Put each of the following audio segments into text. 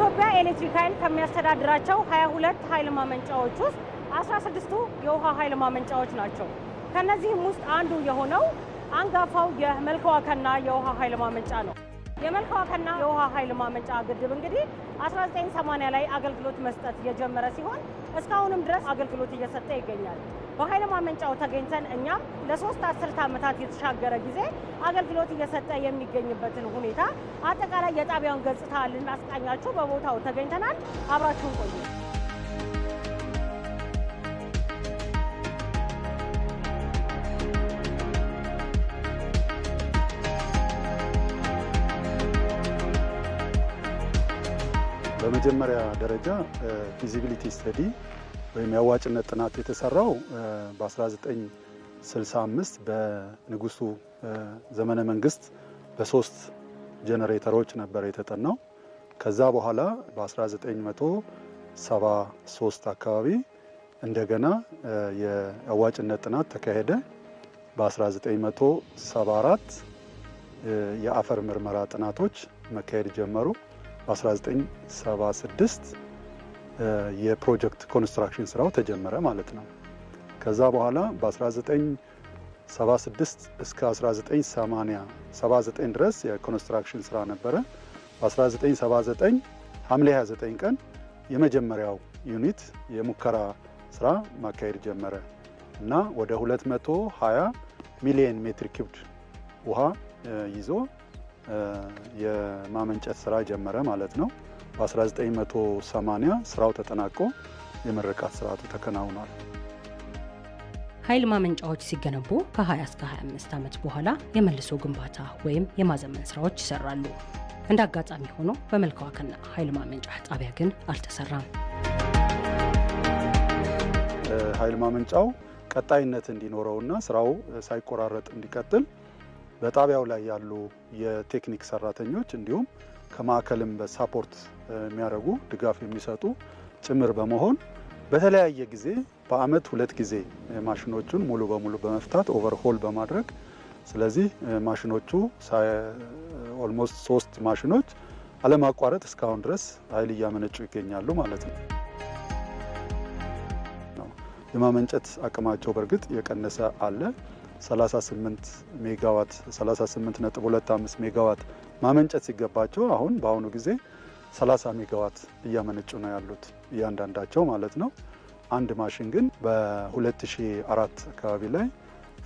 የኢትዮጵያ ኤሌክትሪክ ኃይል ከሚያስተዳድራቸው 22 ኃይል ማመንጫዎች ውስጥ 16ቱ የውሃ ኃይል ማመንጫዎች ናቸው። ከነዚህም ውስጥ አንዱ የሆነው አንጋፋው የመልከዋከና የውሃ ኃይል ማመንጫ ነው። የመልካ ዋከና የውሃ ኃይል ማመንጫ ግድብ እንግዲህ 1980 ላይ አገልግሎት መስጠት የጀመረ ሲሆን እስካሁንም ድረስ አገልግሎት እየሰጠ ይገኛል። በኃይል ማመንጫው ተገኝተን እኛም ለሶስት አስርት ዓመታት የተሻገረ ጊዜ አገልግሎት እየሰጠ የሚገኝበትን ሁኔታ አጠቃላይ የጣቢያውን ገጽታ ልናስቃኛችሁ በቦታው ተገኝተናል። አብራችሁን ቆዩ። በመጀመሪያ ደረጃ ፊዚቢሊቲ ስተዲ ወይም የአዋጭነት ጥናት የተሰራው በ1965 በንጉሱ ዘመነ መንግስት በሶስት ጀነሬተሮች ነበር የተጠናው። ከዛ በኋላ በ1973 አካባቢ እንደገና የአዋጭነት ጥናት ተካሄደ። በ1974 የአፈር ምርመራ ጥናቶች መካሄድ ጀመሩ። በ1976 የፕሮጀክት ኮንስትራክሽን ስራው ተጀመረ ማለት ነው። ከዛ በኋላ በ1976 እስከ 1979 ድረስ የኮንስትራክሽን ስራ ነበረ። በ1979 ሐምሌ 29 ቀን የመጀመሪያው ዩኒት የሙከራ ስራ ማካሄድ ጀመረ እና ወደ 220 ሚሊየን ሜትር ኪውብድ ውሃ ይዞ የማመንጨት ስራ ጀመረ ማለት ነው። በ1980 ስራው ተጠናቆ የምረቃት ስርዓቱ ተከናውኗል። ኃይል ማመንጫዎች ሲገነቡ ከ20 እስከ 25 ዓመት በኋላ የመልሶ ግንባታ ወይም የማዘመን ስራዎች ይሰራሉ። እንደ አጋጣሚ ሆኖ በመልካዋከና ኃይል ማመንጫ ጣቢያ ግን አልተሰራም። ኃይል ማመንጫው ቀጣይነት እንዲኖረውና ስራው ሳይቆራረጥ እንዲቀጥል በጣቢያው ላይ ያሉ የቴክኒክ ሰራተኞች እንዲሁም ከማዕከልም በሳፖርት የሚያደርጉ ድጋፍ የሚሰጡ ጭምር በመሆን በተለያየ ጊዜ በአመት ሁለት ጊዜ ማሽኖቹን ሙሉ በሙሉ በመፍታት ኦቨርሆል በማድረግ ስለዚህ ማሽኖቹ ኦልሞስት ሶስት ማሽኖች አለማቋረጥ እስካሁን ድረስ ኃይል እያመነጩ ይገኛሉ ማለት ነው። የማመንጨት አቅማቸው በእርግጥ የቀነሰ አለ። 38 ሜጋዋት 38.25 ሜጋዋት ማመንጨት ሲገባቸው አሁን በአሁኑ ጊዜ 30 ሜጋዋት እያመነጩ ነው ያሉት እያንዳንዳቸው ማለት ነው። አንድ ማሽን ግን በ2004 አካባቢ ላይ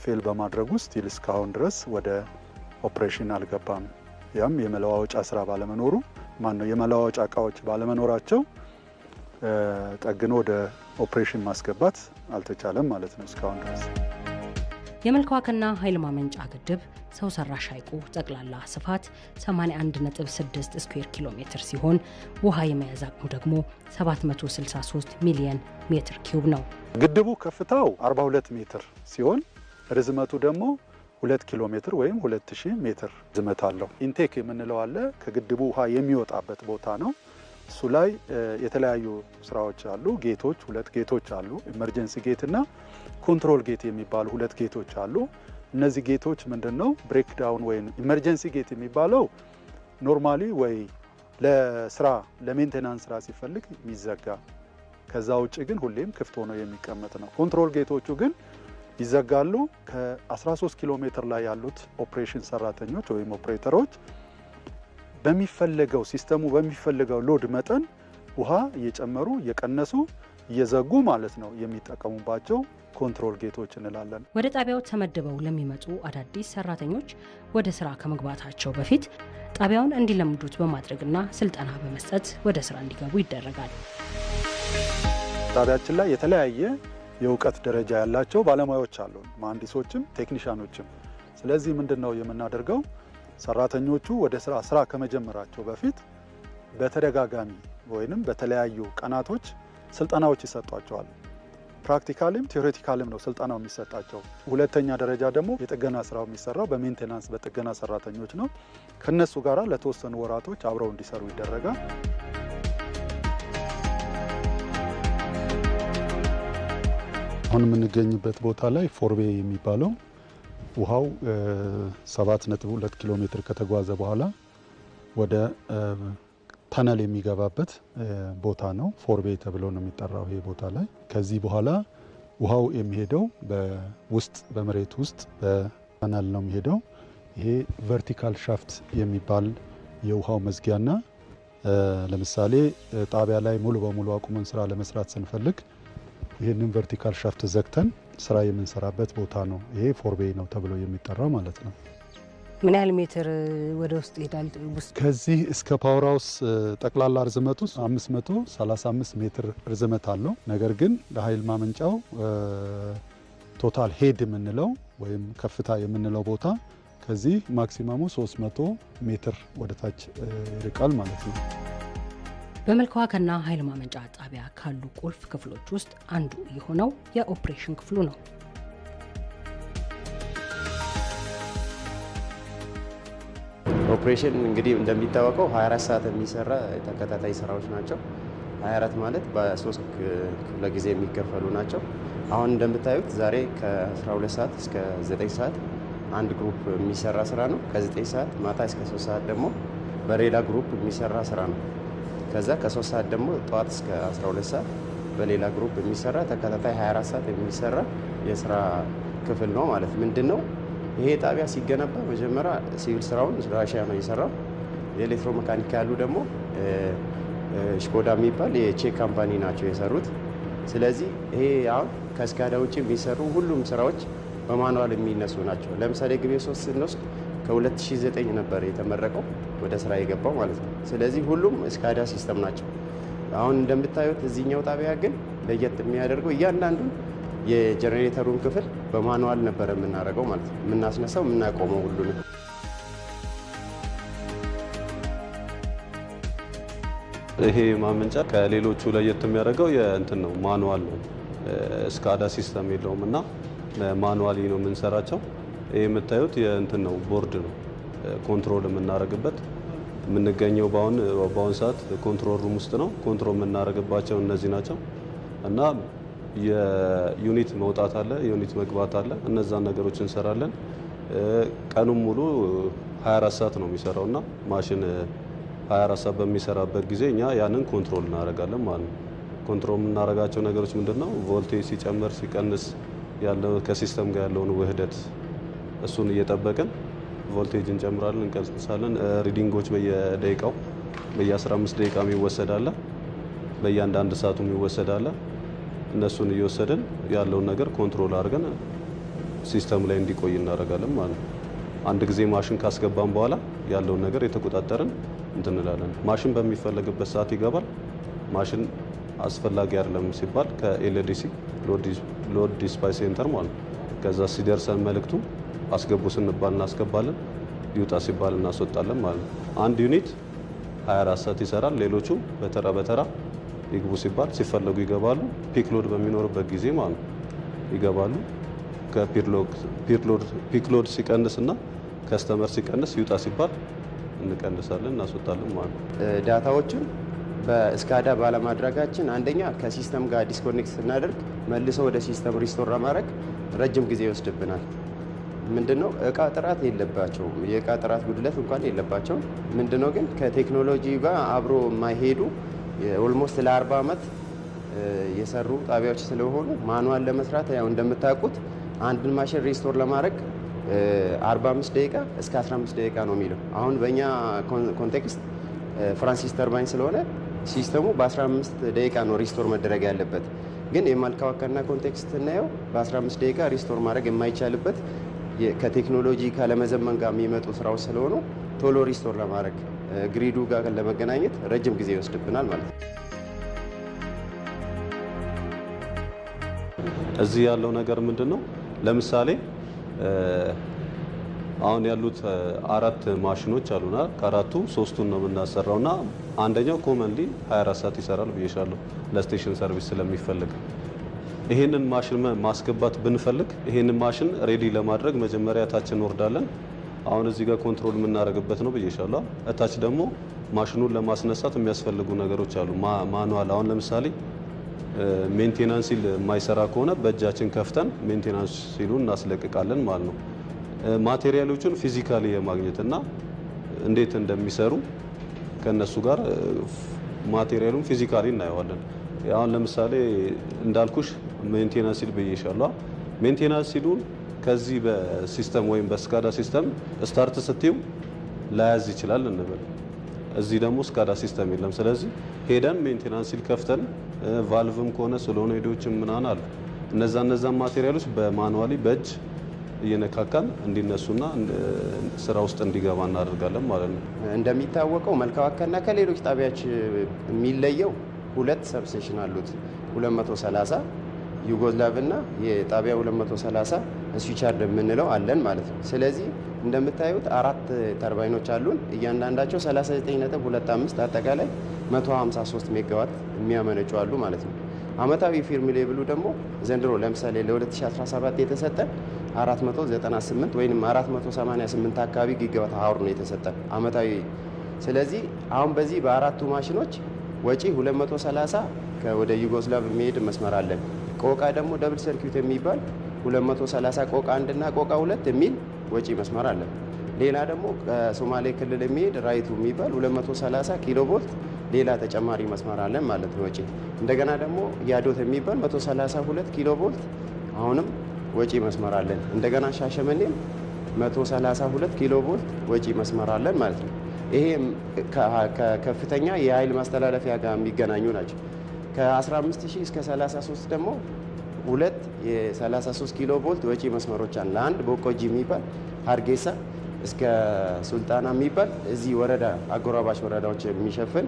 ፌል በማድረግ ውስጥ ስቲል እስካሁን ድረስ ወደ ኦፕሬሽን አልገባም። ያም የመለዋወጫ ስራ ባለመኖሩ ነው የመለዋወጫ እቃዎች ባለመኖራቸው ጠግኖ ወደ ኦፕሬሽን ማስገባት አልተቻለም ማለት ነው እስካሁን ድረስ። የመልኳክና ኃይል ማመንጫ ግድብ ሰው ሰራሽ ሐይቁ ጠቅላላ ስፋት 81.6 ስኩዌር ኪሎ ሜትር ሲሆን ውሃ የመያዝ አቅሙ ደግሞ 763 ሚሊየን ሜትር ኪዩብ ነው። ግድቡ ከፍታው 42 ሜትር ሲሆን ርዝመቱ ደግሞ 2 ኪሎ ሜትር ወይም 2000 ሜትር ርዝመት አለው። ኢንቴክ የምንለው አለ። ከግድቡ ውሃ የሚወጣበት ቦታ ነው። እሱ ላይ የተለያዩ ስራዎች አሉ። ጌቶች ሁለት ጌቶች አሉ። ኢመርጀንሲ ጌት እና ኮንትሮል ጌት የሚባሉ ሁለት ጌቶች አሉ። እነዚህ ጌቶች ምንድን ነው ብሬክዳውን ወይም ኢመርጀንሲ ጌት የሚባለው ኖርማሊ ወይ ለስራ ለሜንቴናንስ ስራ ሲፈልግ የሚዘጋ ከዛ ውጭ ግን ሁሌም ክፍት ሆኖ የሚቀመጥ ነው። ኮንትሮል ጌቶቹ ግን ይዘጋሉ። ከ13 ኪሎ ሜትር ላይ ያሉት ኦፕሬሽን ሰራተኞች ወይም ኦፕሬተሮች በሚፈለገው ሲስተሙ በሚፈለገው ሎድ መጠን ውሃ እየጨመሩ እየቀነሱ እየዘጉ ማለት ነው የሚጠቀሙባቸው ኮንትሮል ጌቶች እንላለን። ወደ ጣቢያው ተመድበው ለሚመጡ አዳዲስ ሰራተኞች ወደ ስራ ከመግባታቸው በፊት ጣቢያውን እንዲለምዱት በማድረግና ስልጠና በመስጠት ወደ ስራ እንዲገቡ ይደረጋል። ጣቢያችን ላይ የተለያየ የእውቀት ደረጃ ያላቸው ባለሙያዎች አሉ፣ መሀንዲሶችም ቴክኒሻኖችም። ስለዚህ ምንድን ነው የምናደርገው? ሰራተኞቹ ወደ ስራ ስራ ከመጀመራቸው በፊት በተደጋጋሚ ወይንም በተለያዩ ቀናቶች ስልጠናዎች ይሰጧቸዋል። ፕራክቲካልም ቴዎሬቲካልም ነው ስልጠናው የሚሰጣቸው። ሁለተኛ ደረጃ ደግሞ የጥገና ስራው የሚሰራው በሜንቴናንስ በጥገና ሰራተኞች ነው። ከነሱ ጋር ለተወሰኑ ወራቶች አብረው እንዲሰሩ ይደረጋል። አሁን የምንገኝበት ቦታ ላይ ፎርቤ የሚባለው ውሃው 7.2 ኪሎ ሜትር ከተጓዘ በኋላ ወደ ተነል የሚገባበት ቦታ ነው። ፎርቤ ተብሎ ነው የሚጠራው ይሄ ቦታ ላይ። ከዚህ በኋላ ውሃው የሚሄደው በውስጥ በመሬት ውስጥ በተነል ነው የሚሄደው። ይሄ ቨርቲካል ሻፍት የሚባል የውሃው መዝጊያና ለምሳሌ ጣቢያ ላይ ሙሉ በሙሉ አቁመን ስራ ለመስራት ስንፈልግ ይህንን ቨርቲካል ሻፍት ዘግተን ስራ የምንሰራበት ቦታ ነው። ይሄ ፎርቤ ነው ተብሎ የሚጠራው ማለት ነው። ምን ያህል ሜትር ወደ ውስጥ ይሄዳል? ከዚህ እስከ ፓወር ጠቅላላ ርዝመቱ 535 ሜትር ርዝመት አለው። ነገር ግን ለኃይል ማመንጫው ቶታል ሄድ የምንለው ወይም ከፍታ የምንለው ቦታ ከዚህ ማክሲማሙ 300 ሜትር ወደታች ይርቃል ማለት ነው። በመልካ ኃይል ማመንጫ ጣቢያ ካሉ ቁልፍ ክፍሎች ውስጥ አንዱ የሆነው የኦፕሬሽን ክፍሉ ነው። ኦፕሬሽን እንግዲህ እንደሚታወቀው 24 ሰዓት የሚሰራ ተከታታይ ስራዎች ናቸው። 24 ማለት በሶስት ክፍለ ጊዜ የሚከፈሉ ናቸው። አሁን እንደምታዩት ዛሬ ከ12 ሰዓት እስከ 9 ሰዓት አንድ ግሩፕ የሚሰራ ስራ ነው። ከ9 ሰዓት ማታ እስከ 3 ሰዓት ደግሞ በሌላ ግሩፕ የሚሰራ ስራ ነው። ከዛ ከሶስት ሰዓት ደግሞ ጠዋት እስከ 12 ሰዓት በሌላ ግሩፕ የሚሰራ ተከታታይ 24 ሰዓት የሚሰራ የስራ ክፍል ነው ማለት ምንድን ነው። ይሄ ጣቢያ ሲገነባ መጀመሪያ ሲቪል ስራውን ራሽያ ነው የሰራው። የኤሌክትሮ መካኒክ ያሉ ደግሞ ሽኮዳ የሚባል የቼክ ካምፓኒ ናቸው የሰሩት። ስለዚህ ይሄ አሁን ከስካዳ ውጭ የሚሰሩ ሁሉም ስራዎች በማንዋል የሚነሱ ናቸው። ለምሳሌ ግቤ ሶስት ስንወስድ ከ2009 ነበር የተመረቀው ወደ ስራ የገባው ማለት ነው። ስለዚህ ሁሉም እስካዳ ሲስተም ናቸው። አሁን እንደምታዩት እዚህኛው ጣቢያ ግን ለየት የሚያደርገው እያንዳንዱ የጀኔሬተሩን ክፍል በማኑዋል ነበረ የምናደርገው ማለት ነው። የምናስነሳው የምናቆመው ሁሉንም ይሄ ማመንጫ ከሌሎቹ ለየት የሚያደርገው የእንትን ነው ማኑዋል ነው። እስካዳ ሲስተም የለውም እና ማኑዋሊ ነው የምንሰራቸው። ይህ የምታዩት የእንትን ነው ቦርድ ነው ኮንትሮል የምናደርግበት የምንገኘው በአሁን በአሁን ሰዓት ኮንትሮል ሩም ውስጥ ነው። ኮንትሮል የምናደርግባቸው እነዚህ ናቸው እና የዩኒት መውጣት አለ፣ ዩኒት መግባት አለ። እነዛን ነገሮች እንሰራለን። ቀኑን ሙሉ 24 ሰዓት ነው የሚሰራው እና ማሽን 24 ሰዓት በሚሰራበት ጊዜ እኛ ያንን ኮንትሮል እናደርጋለን ማለት ነው። ኮንትሮል የምናደርጋቸው ነገሮች ምንድን ነው? ቮልቴጅ ሲጨምር ሲቀንስ፣ ያለው ከሲስተም ጋር ያለውን ውህደት እሱን እየጠበቅን ቮልቴጅ እንጨምራለን፣ እንቀንሳለን። ሪዲንጎች በየደቂቃው በየ15 ደቂቃ ይወሰዳለ፣ በእያንዳንድ ሰዓቱም ይወሰዳለ። እነሱን እየወሰድን ያለውን ነገር ኮንትሮል አድርገን ሲስተም ላይ እንዲቆይ እናደርጋለን ማለት ነው። አንድ ጊዜ ማሽን ካስገባን በኋላ ያለውን ነገር የተቆጣጠርን እንትንላለን። ማሽን በሚፈለግበት ሰዓት ይገባል። ማሽን አስፈላጊ አይደለም ሲባል ከኤልዲሲ ሎድ ዲስፓች ሴንተር ማለት ነው ከዛ ሲደርሰን መልእክቱ አስገቡ ስንባል እናስገባለን፣ ይውጣ ሲባል እናስወጣለን ማለት ነው። አንድ ዩኒት 24 ሰዓት ይሰራል። ሌሎቹ በተራ በተራ ይግቡ ሲባል ሲፈለጉ ይገባሉ። ፒክሎድ በሚኖርበት ጊዜ ማለት ነው ይገባሉ። ከፒክሎድ ሲቀንስ እና ከስተመር ሲቀንስ ይውጣ ሲባል እንቀንሳለን፣ እናስወጣለን ማለት ነው። ዳታዎችን በእስካዳ ባለማድረጋችን አንደኛ ከሲስተም ጋር ዲስኮኔክት ስናደርግ መልሶ ወደ ሲስተም ሪስቶር ለማድረግ ረጅም ጊዜ ይወስድብናል። ምንድነው እቃ ጥራት የለባቸውም። የእቃ ጥራት ጉድለት እንኳን የለባቸውም። ምንድነው ግን ከቴክኖሎጂ ጋር አብሮ የማይሄዱ ኦልሞስት ለአርባ ዓመት የሰሩ ጣቢያዎች ስለሆኑ ማኑዋል ለመስራት ያው እንደምታውቁት አንድን ማሽን ሪስቶር ለማድረግ 45 ደቂቃ እስከ 15 ደቂቃ ነው የሚለው። አሁን በእኛ ኮንቴክስት ፍራንሲስ ተርባይን ስለሆነ ሲስተሙ በ15 ደቂቃ ነው ሪስቶር መደረግ ያለበት። ግን የማልካዋከና ኮንቴክስት ስናየው በ15 ደቂቃ ሪስቶር ማድረግ የማይቻልበት ከቴክኖሎጂ ለመዘመን ጋር የሚመጡ ስራዎች ስለሆኑ ቶሎ ሪስቶር ለማድረግ ግሪዱ ጋር ለመገናኘት ረጅም ጊዜ ይወስድብናል ማለት ነው። እዚህ ያለው ነገር ምንድን ነው? ለምሳሌ አሁን ያሉት አራት ማሽኖች አሉና ከአራቱ ሶስቱን ነው የምናሰራው እና አንደኛው ኮመንሊ 24 ሰዓት ይሰራል ብዬሻለሁ ለስቴሽን ሰርቪስ ስለሚፈልግ ይሄንን ማሽን ማስገባት ብንፈልግ ይሄንን ማሽን ሬዲ ለማድረግ መጀመሪያ እታች እንወርዳለን። አሁን እዚህ ጋር ኮንትሮል የምናደርግበት ነው ብዬሻለሁ። እታች ደግሞ ማሽኑን ለማስነሳት የሚያስፈልጉ ነገሮች አሉ። ማኑዋል አሁን ለምሳሌ ሜንቴናንስ ሲል የማይሰራ ከሆነ በእጃችን ከፍተን ሜንቴናንስ ሲሉ እናስለቅቃለን ማለት ነው። ማቴሪያሎቹን ፊዚካሊ የማግኘትና እንዴት እንደሚሰሩ ከነሱ ጋር ማቴሪያሉን ፊዚካሊ እናየዋለን። አሁን ለምሳሌ እንዳልኩሽ ሜንቴናንስ ሲል ብዬሻለሁ። ሜንቴናንስ ሲሉን ከዚህ በሲስተም ወይም በስካዳ ሲስተም ስታርት ስትዩ ላያዝ ይችላል እንበል። እዚህ ደግሞ ስካዳ ሲስተም የለም። ስለዚህ ሄደን ሜንቴናንስ ሲል ከፍተን ቫልቭም ከሆነ ስለሆነ ምናምን አሉ። እነዛ እነዛን ማቴሪያሎች በማኑዋሊ በእጅ እየነካካን እንዲነሱና ስራ ውስጥ እንዲገባ እናደርጋለን ማለት ነው። እንደሚታወቀው መልካዋከና ከሌሎች ጣቢያዎች የሚለየው ሁለት ሰብሴሽን አሉት 230 ዩጎዝላቭ እና የጣቢያ 230 ስዊቻርድ የምንለው አለን ማለት ነው። ስለዚህ እንደምታዩት አራት ተርባይኖች አሉን። እያንዳንዳቸው 39.25 አጠቃላይ 153 ሜጋዋት የሚያመነጩ አሉ ማለት ነው። አመታዊ ፊርም ሌብሉ ደግሞ ዘንድሮ ለምሳሌ ለ2017 የተሰጠ 498 ወይም 488 አካባቢ ጊጋዋት ሀውር ነው የተሰጠ አመታዊ። ስለዚህ አሁን በዚህ በአራቱ ማሽኖች ወጪ 230 ወደ ዩጎስላቭ የሚሄድ መስመር አለን። ቆቃ ደግሞ ደብል ሰርኪዩት የሚባል 230 ቆቃ አንድና ቆቃ ሁለት የሚል ወጪ መስመር አለን። ሌላ ደግሞ ከሶማሌ ክልል የሚሄድ ራይቱ የሚባል 230 ኪሎ ቮልት ሌላ ተጨማሪ መስመር አለን ማለት ነው ወጪ። እንደገና ደግሞ ያዶት የሚባል 132 ኪሎ ቮልት አሁንም ወጪ መስመር አለን። እንደገና ሻሸመኔም 132 ኪሎ ቮልት ወጪ መስመር አለን ማለት ነው። ይሄ ከከፍተኛ የኃይል ማስተላለፊያ ጋር የሚገናኙ ናቸው። ከ15000 እስከ 33 ደግሞ ሁለት የ33 ኪሎ ቮልት ወጪ መስመሮች አለ። አንድ ቦቆጂ የሚባል ሀርጌሳ እስከ ሱልጣና የሚባል እዚህ ወረዳ አጎራባች ወረዳዎች የሚሸፍን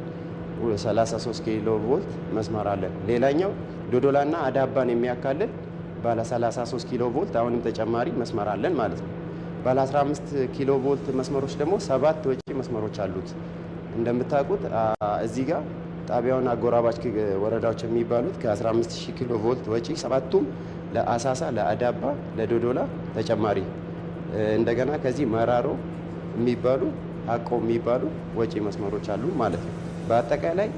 33 ኪሎ ቮልት መስመር አለን። ሌላኛው ዶዶላና አዳባን የሚያካልል ባለ 33 ኪሎ ቮልት አሁንም ተጨማሪ መስመር አለን ማለት ነው። ባለ 15 ኪሎ ቮልት መስመሮች ደግሞ ሰባት ወጪ መስመሮች አሉት። እንደምታውቁት እዚህ ጋር ጣቢያውን አጎራባች ወረዳዎች የሚባሉት ከ 15 ኪሎ ቮልት ወጪ ሰባቱም ለአሳሳ፣ ለአዳባ፣ ለዶዶላ ተጨማሪ እንደገና ከዚህ መራሮ የሚባሉ አቆ የሚባሉ ወጪ መስመሮች አሉ ማለት ነው። በአጠቃላይ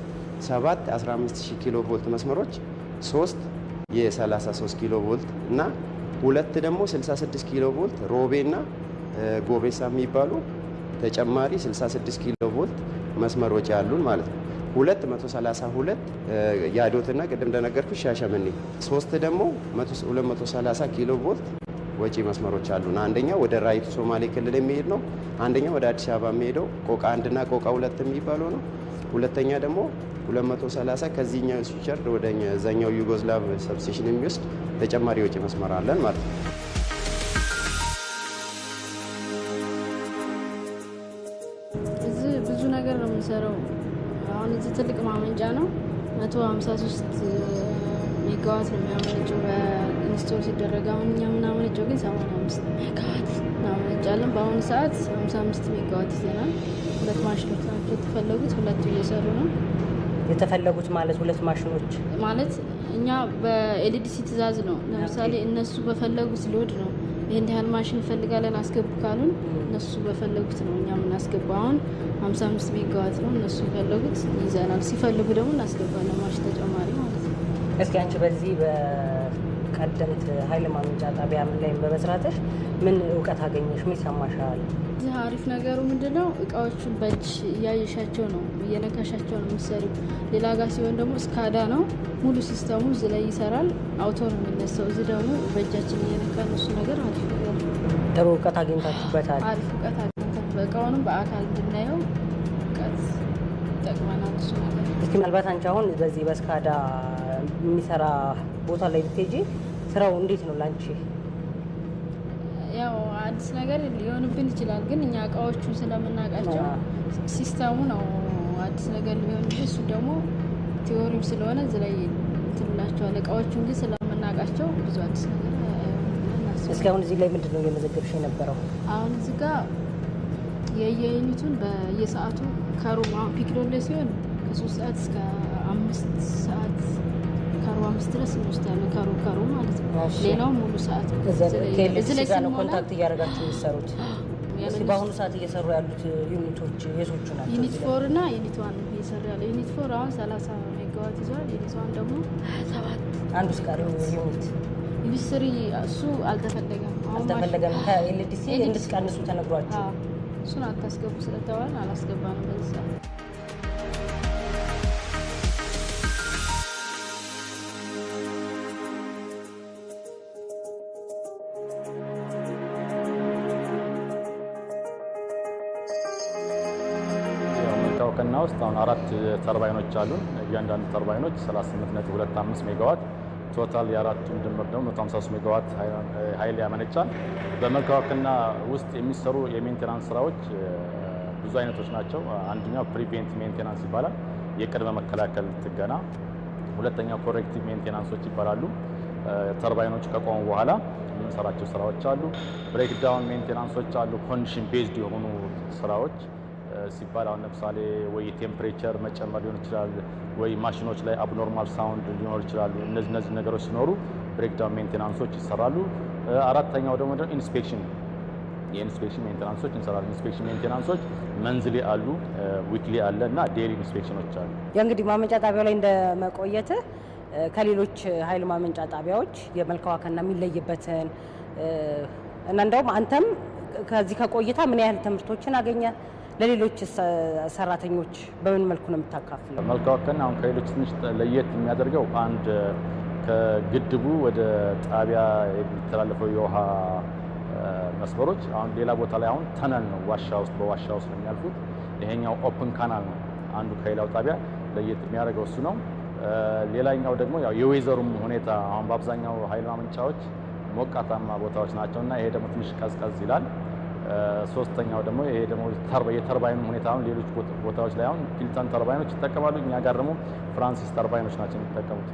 ሰባት 15 ኪሎ ቮልት መስመሮች ሶስት የ33 ኪሎ ቮልት እና ሁለት ደግሞ 66 ኪሎ ቮልት ሮቤና ጎቤሳ የሚባሉ ተጨማሪ 66 ኪሎ ቮልት መስመሮች ያሉን ማለት ነው። 232 ያዶትና ቅድም እንደነገርኩሽ ሻሸመኔ፣ ሶስት ደግሞ 230 ኪሎ ቮልት ወጪ መስመሮች አሉን። አንደኛ ወደ ራይቱ ሶማሌ ክልል የሚሄድ ነው። አንደኛ ወደ አዲስ አበባ የሚሄደው ቆቃ አንድና ቆቃ ሁለት የሚባለው ነው። ሁለተኛ ደግሞ 230 ከዚህኛው ስዊቸር ወደ እዛኛው ዩጎዝላቭ ሰብስቴሽን የሚወስድ ተጨማሪ ወጪ መስመር አለን ማለት ነው። እዚህ ብዙ ነገር ነው የምንሰራው። አሁን እዚህ ትልቅ ማመንጫ ነው 153 ሜጋዋት ነው የሚያመነጨው በኢንስቶል ሲደረግ። አሁን እኛ የምናመነጨው ግን 85 ሜጋዋት እናመነጫለን። በአሁኑ ሰዓት 55 ሜጋዋት ይዘናል። ሁለት ማሽኖች የተፈለጉት ሁለቱ እየሰሩ ነው። የተፈለጉት ማለት ሁለት ማሽኖች ማለት እኛ በኤልዲሲ ትእዛዝ ነው። ለምሳሌ እነሱ በፈለጉት ሎድ ነው ይህን ያህል ማሽን እንፈልጋለን አስገቡ ካሉን እነሱ በፈለጉት ነው እኛ የምናስገባ። አሁን 55 አምስት ሜጋዋት ነው እነሱ ፈለጉት ይዘናል። ሲፈልጉ ደግሞ እናስገባለን ማሽን ተጨማሪ ማለት ነው። እስኪ አንቺ በዚህ በቀደምት ኃይል ማመንጫ ጣቢያ ምን ላይ በመስራትሽ ምን እውቀት አገኘሽ? ምን ይሰማሻል? እዚህ አሪፍ ነገሩ ምንድን ነው? እቃዎቹን በእጅ እያየሻቸው ነው፣ እየነካሻቸው ነው የምትሰሪው። ሌላ ጋር ሲሆን ደግሞ እስካዳ ነው ሙሉ ሲስተሙ እዚህ ላይ ይሰራል። አውቶ ነው የሚነሳው። እዚህ ደግሞ በእጃችን እየነካ እነሱ ነገር አሪፍ ነገር ነው። ጥሩ እውቀት አግኝታችሁበታል። አሪፍ እውቀት አግኝታችሁበት እቃውንም በአካል እንድናየው እውቀት ይጠቅመናል እሱ ነገር። እስኪ ምናልባት አንቺ አሁን በዚህ በስካዳ የሚሰራ ቦታ ላይ ብትሄጂ ስራው እንዴት ነው ላንቺ? አዲስ ነገር ሊሆንብን ይችላል። ግን እኛ እቃዎቹን ስለምናውቃቸው ሲስተሙ ነው አዲስ ነገር ሊሆን እ እሱ ደግሞ ቲዎሪም ስለሆነ እዚህ ላይ ትላቸዋል። እቃዎቹን ግን ስለምናውቃቸው ብዙ አዲስ ነገር እስኪ አሁን እዚህ ላይ ምንድን ነው እየመዘገብሽ የነበረው? አሁን እዚህ ጋር የየአይነቱን በየሰዓቱ ከሩም አሁን ፒክ ዶንዴ ሲሆን ከሶስት ሰዓት እስከ አምስት ሰዓት ከአርባ አምስት ድረስ እንወስዳለን። ከሩ ከሩ ማለት ነው። ሌላው ሙሉ ሰዓት እዚህ ላይ ነው ኮንታክት እያደረጋችሁ የሚሰሩት። በአሁኑ ሰዓት እየሰሩ ያሉት ዩኒቶች የሶቹ ናቸው? ዩኒት ፎር እና ዩኒት ዋን ነው እየሰሩ ያለ። ዩኒት ፎር አሁን ሰላሳ ሜጋዋት ይዟል። ዩኒት ዋን ደግሞ ሰባት አንዱ ስቃሪ ዩኒት ዩኒት ስሪ እሱ አልተፈለገም፣ አልተፈለገም። ከኤልዲሲ እንድስቀንሱ ተነግሯቸው እሱን አታስገቡ ስለተባል አላስገባ ነው በዚህ ሰዓት በቀና ውስጥ አሁን አራት ተርባይኖች አሉ እያንዳንዱ ተርባይኖች 38.25 ሜጋዋት ቶታል የአራቱም ድምር ደግሞ 153 ሜጋዋት ኃይል ያመነጫል። በመካዋክና ውስጥ የሚሰሩ የሜንቴናንስ ስራዎች ብዙ አይነቶች ናቸው። አንደኛው ፕሪቬንት ሜንቴናንስ ይባላል፣ የቅድመ መከላከል ጥገና። ሁለተኛው ኮሬክቲቭ ሜንቴናንሶች ይባላሉ። ተርባይኖቹ ከቆሙ በኋላ የምንሰራቸው ስራዎች አሉ። ብሬክዳውን ሜንቴናንሶች አሉ። ኮንዲሽን ቤዝድ የሆኑ ስራዎች ሲባል አሁን ለምሳሌ ወይ ቴምፕሬቸር መጨመር ሊሆን ይችላል፣ ወይ ማሽኖች ላይ አብኖርማል ሳውንድ ሊኖር ይችላሉ። እነዚህ እነዚህ ነገሮች ሲኖሩ ብሬክዳውን ሜንቴናንሶች ይሰራሉ። አራተኛው ደግሞ ኢንስፔክሽን የኢንስፔክሽን ሜንቴናንሶች እንሰራለን። ኢንስፔክሽን ሜንቴናንሶች መንዝሌ አሉ፣ ዊክሊ አለ እና ዴይሊ ኢንስፔክሽኖች አሉ። እንግዲህ ማመንጫ ጣቢያው ላይ እንደ ከሌሎች ኃይል ማመንጫ ጣቢያዎች የመልካዋከና የሚለይበትን እና እንደውም አንተም ከዚህ ከቆይታ ምን ያህል ትምህርቶችን አገኘ? ለሌሎች ሰራተኞች በምን መልኩ ነው የምታካፍለው? መልካወከን አሁን ከሌሎች ትንሽ ለየት የሚያደርገው አንድ ከግድቡ ወደ ጣቢያ የሚተላለፈው የውሃ መስመሮች አሁን ሌላ ቦታ ላይ አሁን ተነል ነው ዋሻ ውስጥ በዋሻ ውስጥ ነው የሚያልፉት። ይሄኛው ኦፕን ካናል ነው። አንዱ ከሌላው ጣቢያ ለየት የሚያደርገው እሱ ነው። ሌላኛው ደግሞ ያው የወይዘሩም ሁኔታ አሁን በአብዛኛው ኃይል ማመንጫዎች ሞቃታማ ቦታዎች ናቸው እና ይሄ ደግሞ ትንሽ ቀዝቀዝ ይላል። ሶስተኛው ደግሞ ይሄ ደግሞ የተርባይኑ ሁኔታ አሁን ሌሎች ቦታዎች ላይ አሁን ሂልተን ተርባይኖች ይጠቀማሉ። እኛ ጋር ደግሞ ፍራንሲስ ተርባይኖች ናቸው የሚጠቀሙት።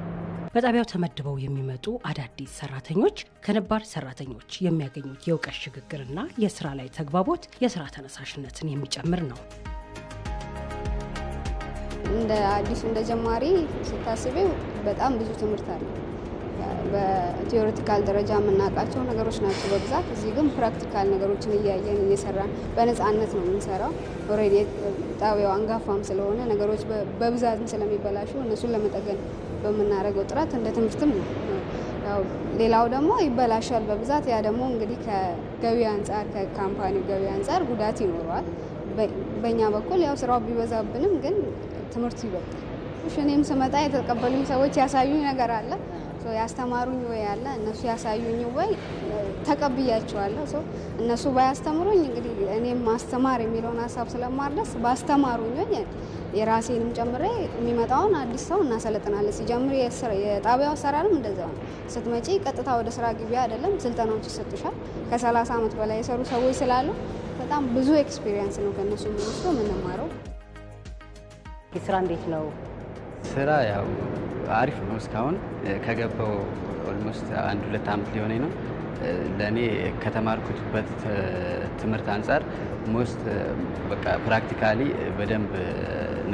በጣቢያው ተመድበው የሚመጡ አዳዲስ ሰራተኞች ከነባር ሰራተኞች የሚያገኙት የእውቀት ሽግግርና የስራ ላይ ተግባቦት የስራ ተነሳሽነትን የሚጨምር ነው። እንደ አዲሱ እንደ ጀማሪ ስታስቤው በጣም ብዙ ትምህርት አለ። በቲዮሬቲካል ደረጃ የምናውቃቸው ነገሮች ናቸው በብዛት። እዚህ ግን ፕራክቲካል ነገሮችን እያየን እየሰራን በነፃነት ነው የምንሰራው። ኦልሬዲ ጣቢያው አንጋፋም ስለሆነ ነገሮች በብዛትም ስለሚበላሹ እነሱን ለመጠገን በምናደርገው ጥረት እንደ ትምህርትም ነው። ሌላው ደግሞ ይበላሻል በብዛት ያ ደግሞ እንግዲህ ከገቢ አንጻር ከካምፓኒው ገቢ አንጻር ጉዳት ይኖረዋል። በእኛ በኩል ያው ስራው ቢበዛብንም ግን ትምህርቱ ይበቃል። እኔም ስመጣ የተቀበሉኝ ሰዎች ያሳዩኝ ነገር አለ ያስተማሩኝ ወይ አለ እነሱ ያሳዩኝ ወይ ተቀብያቸዋለሁ። ሰው እነሱ ባያስተምሩኝ እንግዲህ እኔም ማስተማር የሚለውን ሀሳብ ስለማድረስ ባስተማሩኝ ወይ የራሴንም ጨምሬ የሚመጣውን አዲስ ሰው እናሰለጥናለን። ሲጀምር የጣቢያው አሰራርም እንደዛ ነው። ስትመጪ ቀጥታ ወደ ስራ ግቢ አይደለም፣ ስልጠናዎች ይሰጡሻል። ከሰላሳ ዓመት በላይ የሰሩ ሰዎች ስላሉ በጣም ብዙ ኤክስፒሪየንስ ነው ከእነሱ የምንወስዶ የምንማረው። ስራ እንዴት ነው? ስራ ያው አሪፍ ነው። እስካሁን ከገባው ኦልሞስት አንድ ሁለት ዓመት ሊሆነኝ ነው። ለእኔ ከተማርኩትበት ትምህርት አንጻር ሞስት በቃ ፕራክቲካሊ በደንብ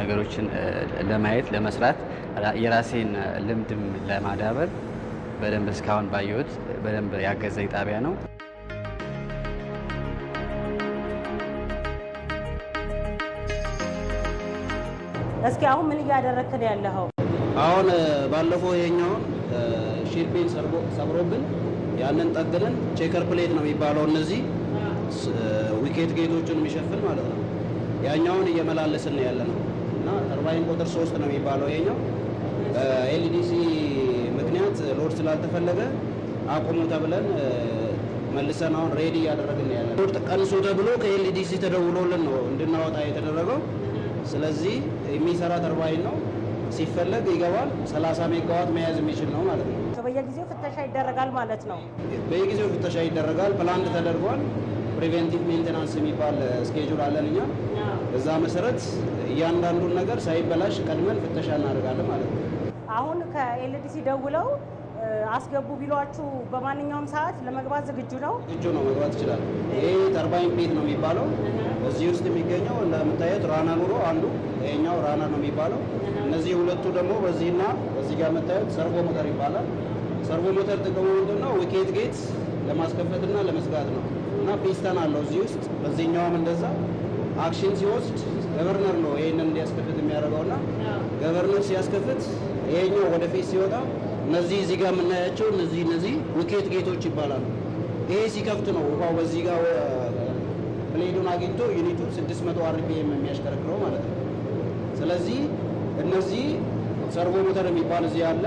ነገሮችን ለማየት ለመስራት፣ የራሴን ልምድም ለማዳበር በደንብ እስካሁን ባየሁት በደንብ ያገዘኝ ጣቢያ ነው። እስኪ አሁን ምን እያደረግክ ነው ያለኸው? አሁን ባለፈው ይሄኛውን ሺልፒን ሰብሮብን ያንን ጠግነን ቼከር ፕሌት ነው የሚባለው እነዚህ ዊኬት ጌቶችን የሚሸፍን ማለት ነው። ያኛውን እየመላለስን ያለ ነው እና ተርባይን ቁጥር ሶስት ነው የሚባለው ይሄኛው በኤልዲሲ ምክንያት ሎድ ስላልተፈለገ አቁሙ ተብለን መልሰን አሁን ሬዲ እያደረግን ያለ ሎድ ቀንሶ ተብሎ ከኤልዲሲ ተደውሎልን ነው እንድናወጣ የተደረገው። ስለዚህ የሚሰራ ተርባይን ነው። ሲፈለግ ይገባል። 30 ሜጋዋት መያዝ የሚችል ነው ማለት ነው። በየጊዜው ፍተሻ ይደረጋል ማለት ነው። በየጊዜው ፍተሻ ይደረጋል። ፕላንድ ተደርጓል። ፕሪቬንቲቭ ሜንቴናንስ የሚባል ስኬጁል አለን እኛ። እዛ መሰረት እያንዳንዱን ነገር ሳይበላሽ ቀድመን ፍተሻ እናደርጋለን ማለት ነው። አሁን ከኤልዲሲ ደውለው አስገቡ ቢሏችሁ በማንኛውም ሰዓት ለመግባት ዝግጁ ነው። ዝግጁ ነው፣ መግባት ይችላል። ይሄ ተርባይን ቤት ነው የሚባለው። እዚህ ውስጥ የሚገኘው እንደምታየት ራና ኑሮ አንዱ ይሄኛው ራና ነው የሚባለው እነዚህ ሁለቱ ደግሞ በዚህና በዚህ ጋር የምታዩት ሰርቮ ሞተር ይባላል። ሰርቮ ሞተር ጥቅሙ ምንድን ነው? ዊኬት ጌት ለማስከፈትና ለመዝጋት ነው እና ፒስተን አለው እዚህ ውስጥ። በዚህኛውም እንደዛ አክሽን ሲወስድ ገቨርነር ነው ይህንን እንዲያስከፍት የሚያደርገው እና ገቨርነር ሲያስከፍት ይሄኛው ወደፊት ሲወጣ እነዚህ እዚህ ጋር የምናያቸው እነዚህ እነዚህ ውኬት ጌቶች ይባላሉ። ይሄ ሲከፍት ነው ውሃው በዚህ ጋር ፕሌዱን አግኝቶ ዩኒቱ 600 አርፒኤም የሚያሽከረክረው ማለት ነው። ስለዚህ እነዚህ ሰርቮ ሞተር የሚባል እዚህ አለ፣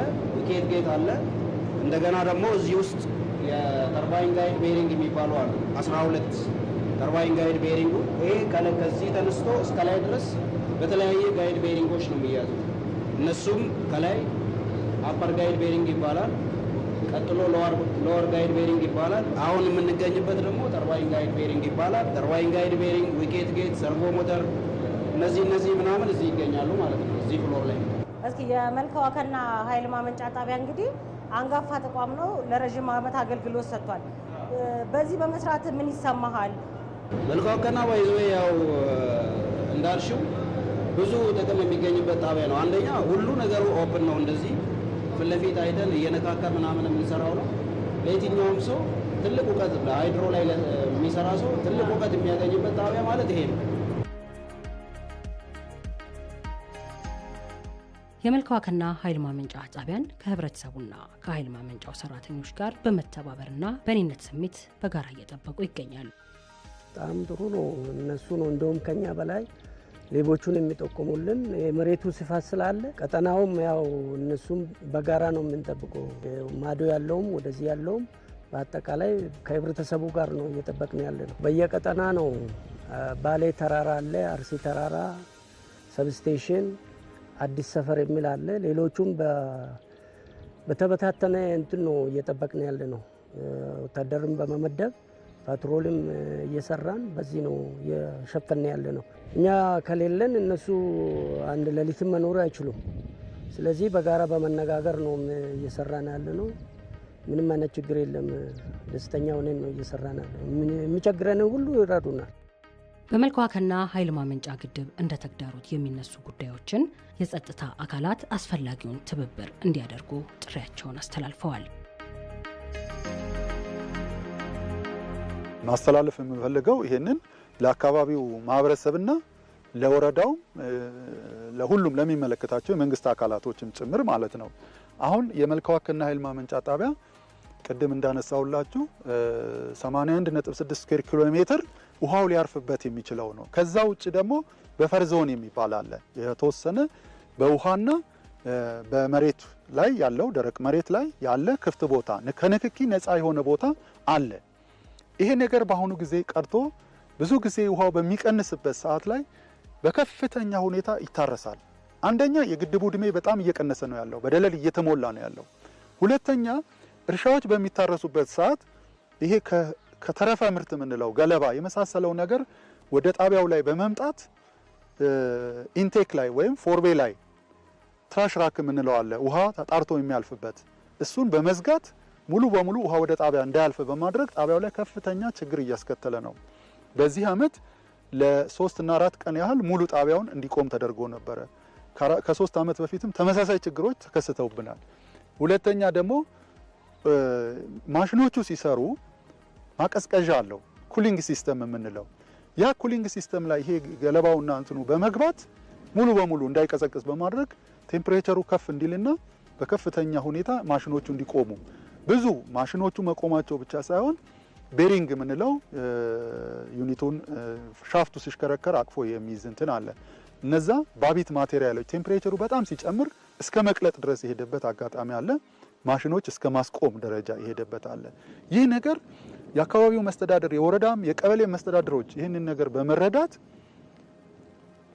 ኬት ጌት አለ። እንደገና ደግሞ እዚህ ውስጥ የተርባይን ጋይድ ቤሪንግ የሚባሉ አሉ። አስራ ሁለት ተርባይን ጋይድ ቤሪንጉ ይሄ ከዚህ ተነስቶ እስከ ላይ ድረስ በተለያየ ጋይድ ቤሪንጎች ነው የሚያዙ። እነሱም ከላይ አፐር ጋይድ ቤሪንግ ይባላል። ቀጥሎ ሎወር ጋይድ ቤሪንግ ይባላል። አሁን የምንገኝበት ደግሞ ተርባይን ጋይድ ቤሪንግ ይባላል። ተርባይን ጋይድ ቤሪንግ፣ ዊኬት ጌት፣ ሰርቮ ሞተር እነዚህ እነዚህ ምናምን እዚህ ይገኛሉ ማለት ነው፣ እዚህ ፍሎር ላይ። እስኪ የመልካ ዋከና ኃይል ማመንጫ ጣቢያ እንግዲህ አንጋፋ ተቋም ነው፣ ለረዥም ዓመት አገልግሎት ሰጥቷል። በዚህ በመስራት ምን ይሰማሃል? መልካ ዋከና ባይዞ ያው እንዳልሽው ብዙ ጥቅም የሚገኝበት ጣቢያ ነው። አንደኛ ሁሉ ነገሩ ኦፕን ነው፣ እንደዚህ ፊት ለፊት አይተን እየነካከ ምናምን የምንሰራው ነው። ለየትኛውም ሰው ትልቅ እውቀት ሃይድሮ ላይ የሚሰራ ሰው ትልቅ እውቀት የሚያገኝበት ጣቢያ ማለት ይሄ ነው። የመልካዋከና ኃይል ማመንጫ ጣቢያን ከህብረተሰቡና ከኃይል ማመንጫው ሰራተኞች ጋር በመተባበርና በኔነት ስሜት በጋራ እየጠበቁ ይገኛሉ። በጣም ጥሩ ነው። እነሱ ነው እንደውም ከኛ በላይ ሌቦቹን የሚጠቁሙልን የመሬቱ ስፋት ስላለ ቀጠናውም ያው እነሱም በጋራ ነው የምንጠብቀው። ማዶ ያለውም ወደዚህ ያለውም በአጠቃላይ ከህብረተሰቡ ጋር ነው እየጠበቅን ያለ ነው። በየቀጠና ነው። ባሌ ተራራ አለ፣ አርሲ ተራራ፣ ሰብስቴሽን አዲስ ሰፈር የሚል አለ። ሌሎቹም በተበታተነ እንትን ነው እየጠበቅን ያለ ነው። ወታደርም በመመደብ ፓትሮልም እየሰራን በዚህ ነው እየሸፈን ያለ ነው። እኛ ከሌለን እነሱ አንድ ሌሊትም መኖር አይችሉም። ስለዚህ በጋራ በመነጋገር ነው እየሰራን ያለ ነው። ምንም አይነት ችግር የለም። ደስተኛ ሆነን ነው እየሰራን ያለ። የሚቸግረንን ሁሉ ይረዱናል። በመልኳከና ኃይል ማመንጫ ግድብ እንደ ተግዳሮት የሚነሱ ጉዳዮችን የጸጥታ አካላት አስፈላጊውን ትብብር እንዲያደርጉ ጥሪያቸውን አስተላልፈዋል። ማስተላለፍ የምፈልገው ይሄንን ለአካባቢው ማህበረሰብና ለወረዳው ለሁሉም ለሚመለከታቸው የመንግስት አካላቶችም ጭምር ማለት ነው። አሁን የመልካዋክና ኃይል ማመንጫ ጣቢያ ቅድም እንዳነሳውላችሁ 81.6 ስኩዌር ኪሎ ሜትር ውሃው ሊያርፍበት የሚችለው ነው። ከዛ ውጭ ደግሞ በፈርዞን የሚባል አለ። የተወሰነ በውሃና በመሬት ላይ ያለው ደረቅ መሬት ላይ ያለ ክፍት ቦታ ከንክኪ ነፃ የሆነ ቦታ አለ። ይሄ ነገር በአሁኑ ጊዜ ቀርቶ ብዙ ጊዜ ውሃው በሚቀንስበት ሰዓት ላይ በከፍተኛ ሁኔታ ይታረሳል። አንደኛ የግድቡ ድሜ በጣም እየቀነሰ ነው ያለው፣ በደለል እየተሞላ ነው ያለው። ሁለተኛ እርሻዎች በሚታረሱበት ሰዓት ይሄ ከተረፈ ምርት የምንለው ገለባ የመሳሰለው ነገር ወደ ጣቢያው ላይ በመምጣት ኢንቴክ ላይ ወይም ፎርቤ ላይ ትራሽ ራክ የምንለው አለ፣ ውሃ ተጣርቶ የሚያልፍበት እሱን በመዝጋት ሙሉ በሙሉ ውሃ ወደ ጣቢያ እንዳያልፍ በማድረግ ጣቢያው ላይ ከፍተኛ ችግር እያስከተለ ነው። በዚህ አመት ለሶስት እና አራት ቀን ያህል ሙሉ ጣቢያውን እንዲቆም ተደርጎ ነበረ። ከሶስት አመት በፊትም ተመሳሳይ ችግሮች ተከስተውብናል። ሁለተኛ ደግሞ ማሽኖቹ ሲሰሩ ማቀዝቀዣ አለው ኩሊንግ ሲስተም የምንለው ያ ኩሊንግ ሲስተም ላይ ይሄ ገለባውና እንትኑ በመግባት ሙሉ በሙሉ እንዳይቀዘቅዝ በማድረግ ቴምፕሬቸሩ ከፍ እንዲልና በከፍተኛ ሁኔታ ማሽኖቹ እንዲቆሙ ብዙ ማሽኖቹ መቆማቸው ብቻ ሳይሆን ቤሪንግ የምንለው ዩኒቱን ሻፍቱ ሲሽከረከር አቅፎ የሚይዝ እንትን አለ። እነዛ ባቢት ማቴሪያሎች ቴምፕሬቸሩ በጣም ሲጨምር እስከ መቅለጥ ድረስ የሄደበት አጋጣሚ አለ። ማሽኖች እስከ ማስቆም ደረጃ የሄደበት አለ። ይህ ነገር የአካባቢው መስተዳደር የወረዳም የቀበሌ መስተዳደሮች ይህንን ነገር በመረዳት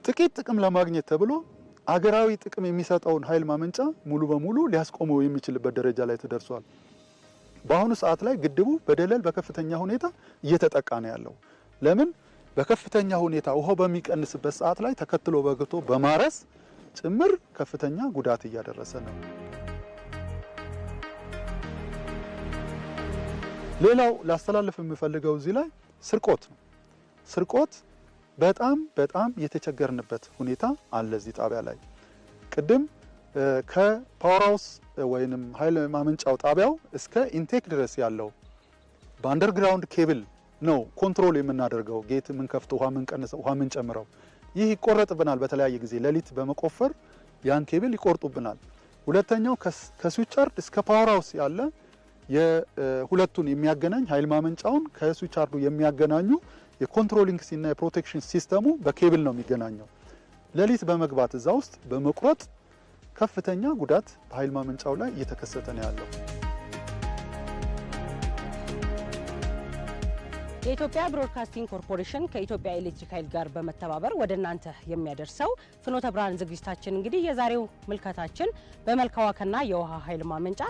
ጥቂት ጥቅም ለማግኘት ተብሎ አገራዊ ጥቅም የሚሰጠውን ኃይል ማመንጫ ሙሉ በሙሉ ሊያስቆመው የሚችልበት ደረጃ ላይ ተደርሷል። በአሁኑ ሰዓት ላይ ግድቡ በደለል በከፍተኛ ሁኔታ እየተጠቃ ነው ያለው። ለምን? በከፍተኛ ሁኔታ ውሃው በሚቀንስበት ሰዓት ላይ ተከትሎ በግቶ በማረስ ጭምር ከፍተኛ ጉዳት እያደረሰ ነው። ሌላው ላስተላልፍ የምፈልገው እዚህ ላይ ስርቆት ነው። ስርቆት በጣም በጣም የተቸገርንበት ሁኔታ አለ እዚህ ጣቢያ ላይ ቅድም ከፓወር ሃውስ ወይንም ኃይል ማመንጫው ጣቢያው እስከ ኢንቴክ ድረስ ያለው በአንደርግራውንድ ኬብል ነው ኮንትሮል የምናደርገው። ጌት የምንከፍተው ውሃ የምንቀንሰው ውሃ ጨምረው ይህ ይቆረጥብናል። በተለያየ ጊዜ ሌሊት በመቆፈር ያን ኬብል ይቆርጡብናል። ሁለተኛው ከስዊቸርድ እስከ ፓወር ሃውስ ያለ የሁለቱን የሚያገናኝ ኃይል ማመንጫውን ከስዊች የሚያገናኙ የኮንትሮሊንግ ሲና የፕሮቴክሽን ሲስተሙ በኬብል ነው የሚገናኘው። ሌሊት በመግባት እዛ ውስጥ በመቁረጥ ከፍተኛ ጉዳት በኃይል ማመንጫው ላይ እየተከሰተ ነው ያለው። የኢትዮጵያ ብሮድካስቲንግ ኮርፖሬሽን ከኢትዮጵያ ኤሌክትሪክ ኃይል ጋር በመተባበር ወደ እናንተ የሚያደርሰው ፍኖተ ብርሃን ዝግጅታችን እንግዲህ የዛሬው ምልከታችን በመልካዋከና የውሃ ኃይል ማመንጫ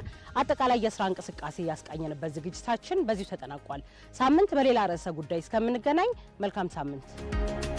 አጠቃላይ የስራ እንቅስቃሴ ያስቃኘንበት ዝግጅታችን በዚሁ ተጠናቋል። ሳምንት በሌላ ርዕሰ ጉዳይ እስከምንገናኝ መልካም ሳምንት